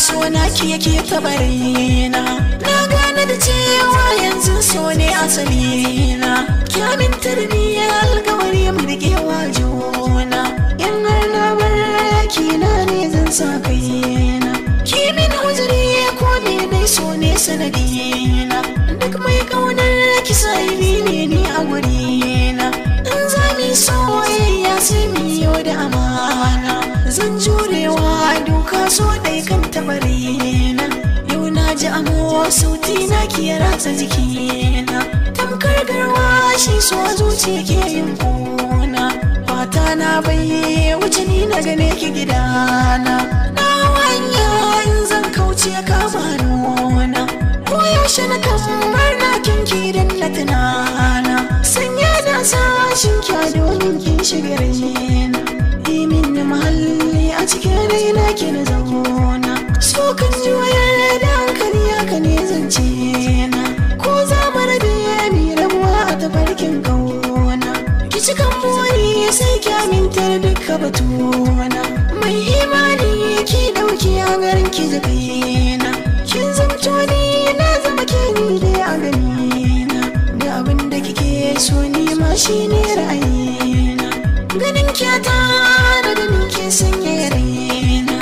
so na ki yake na na gane da cewa yanzu so ne asalina na kyamin tarbiyya alkawari mu rike wa juna in har na na ne zan sa kaina ki min hujri ko ne dai so ne sanadina duk mai kaunar ki sai ne ni a wuri sauti na ki ya ratsa jikina tamkar garwa shi so zuci ke yin kuna fata na bai wuce ni na gane ki gidana na wanya zan kauce kama hannuna ko yaushe na kamar na kinki dan na tunana sanya na sashin kya domin kin shiga rajina imin mahalli a cikin raina ki na zauna so kan ji batuna mai imani ki dauki a garin ki da kin zamto ni na zama ke ni a ganina da abin da kike so ni ma shine ra'ayina ganin kyata da ganin ke sanye raina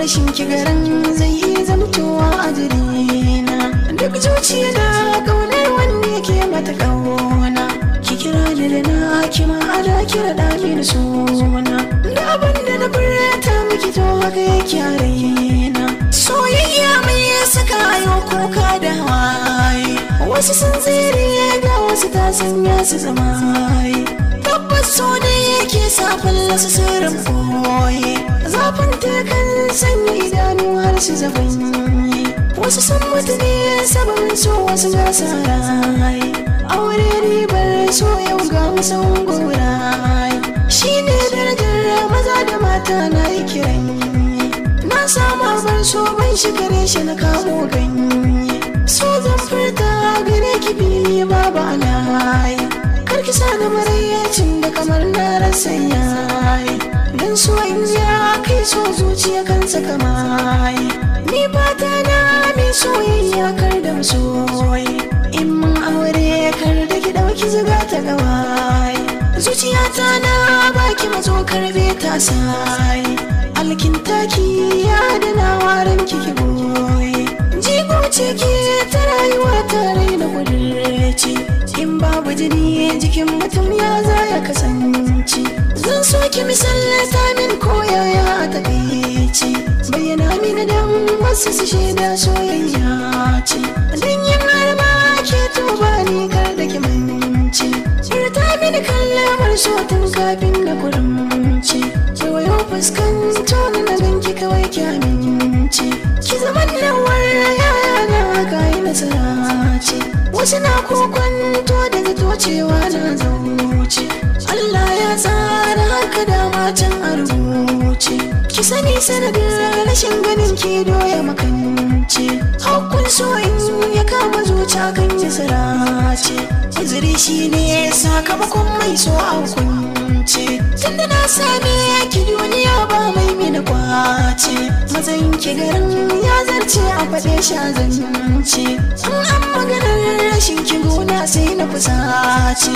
rashin ki garin zai yi zamtowa a jirina duk zuciya da kaunar wanda ke mata kauna ki kira da na kima ada kira da suna da abin da na furta miki to haka yake a raina soyayya mai ya saka yau kuka da hawaye wasu sun tsere ga wasu ta sanya su zama tabbas so yake sa fallasa sirrin koyi zafin ta kan sanya idanu har su wasu sun mutu sabon so wasu gasa rai aure ribar so yau ga wasan gorai shi ne darajar kare maza da mata na yi kiran na sama bar so ban shi kare shi na kamo ganye so zan furta gare ki fili kar ki sa da marayyacin da kamar na rasa yayi dan so in ya kai so zuciya kansa kamai ni fata na mai soyayya kar da masoyi in mun aure kar da ki dauki zuga ta gawaye zuciyata na baki mazo karbe ta sai alkin taki ya da na waran kiki boye jigo ce ke ta rayuwa ta raina kudurci in babu jini jikin mutum ya za ya kasance zan so ki misallata min koya ya takaici bayyana mini dan masu su shaida soyayya ce dan so tun zafin da kurminci kewayo fuskanta na gan ki kawai ki aminci ki zama da yaya na kayi nasara wasu na kokonto daga tocewa na zauce Allah ya tsara haka da matan a ki sani sanadin rashin ganin ki doya makance hakkun so in ya kama zuciya kan ki sarace uzuri shine sakamakon mai so a zalunci tunda na same ki duniya ba mai mini kwace mazan ki garin ya zarce a faɗe shi a zanci an an maganar rashin ki gona sai na fusace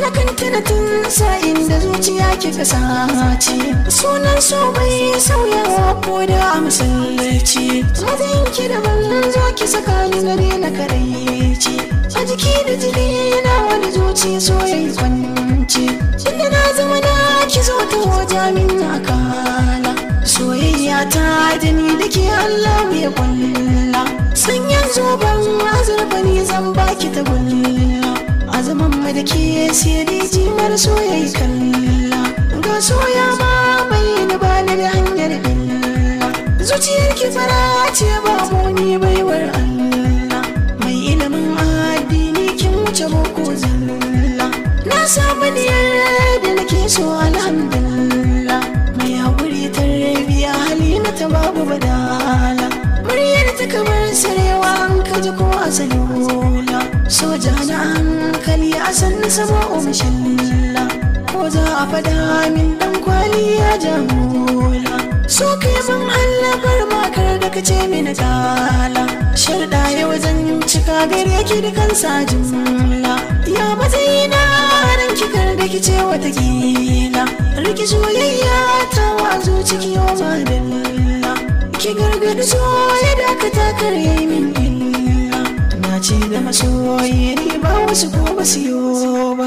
na kanta tana tun sa'in da zuciya ki kasace sunan so bai sauyawa ko da a masallaci mazan ki da ban zo ki saka ni na rena karaici a jiki da jini na wani zuci so yayi zabe kulla sun yanzu ban azurfa ni zan baki ta kulla a zaman mai da ke sai jimar soyayi kalla ga soya ma bai ba bani da hanyar illa zuciyar ki fara ce ba mu ni baiwar Allah mai ilimin addini kin wuce boko zalla na sa niyyar da nake so alhamdulillah salula soja na hankali a san sama umshilla ko za a fada min dan kwali ya jamula so kai ban hallakar makar da kace min tala sharda ya wajen cika gare ki da kansa jimla ya matsayi na ran kikar da ce wata kila riki soyayya ta wazo ciki yau ma dalla ki gargadi so ya dakata kar min illa ci da masoyi ni ba wasu ko ba su yi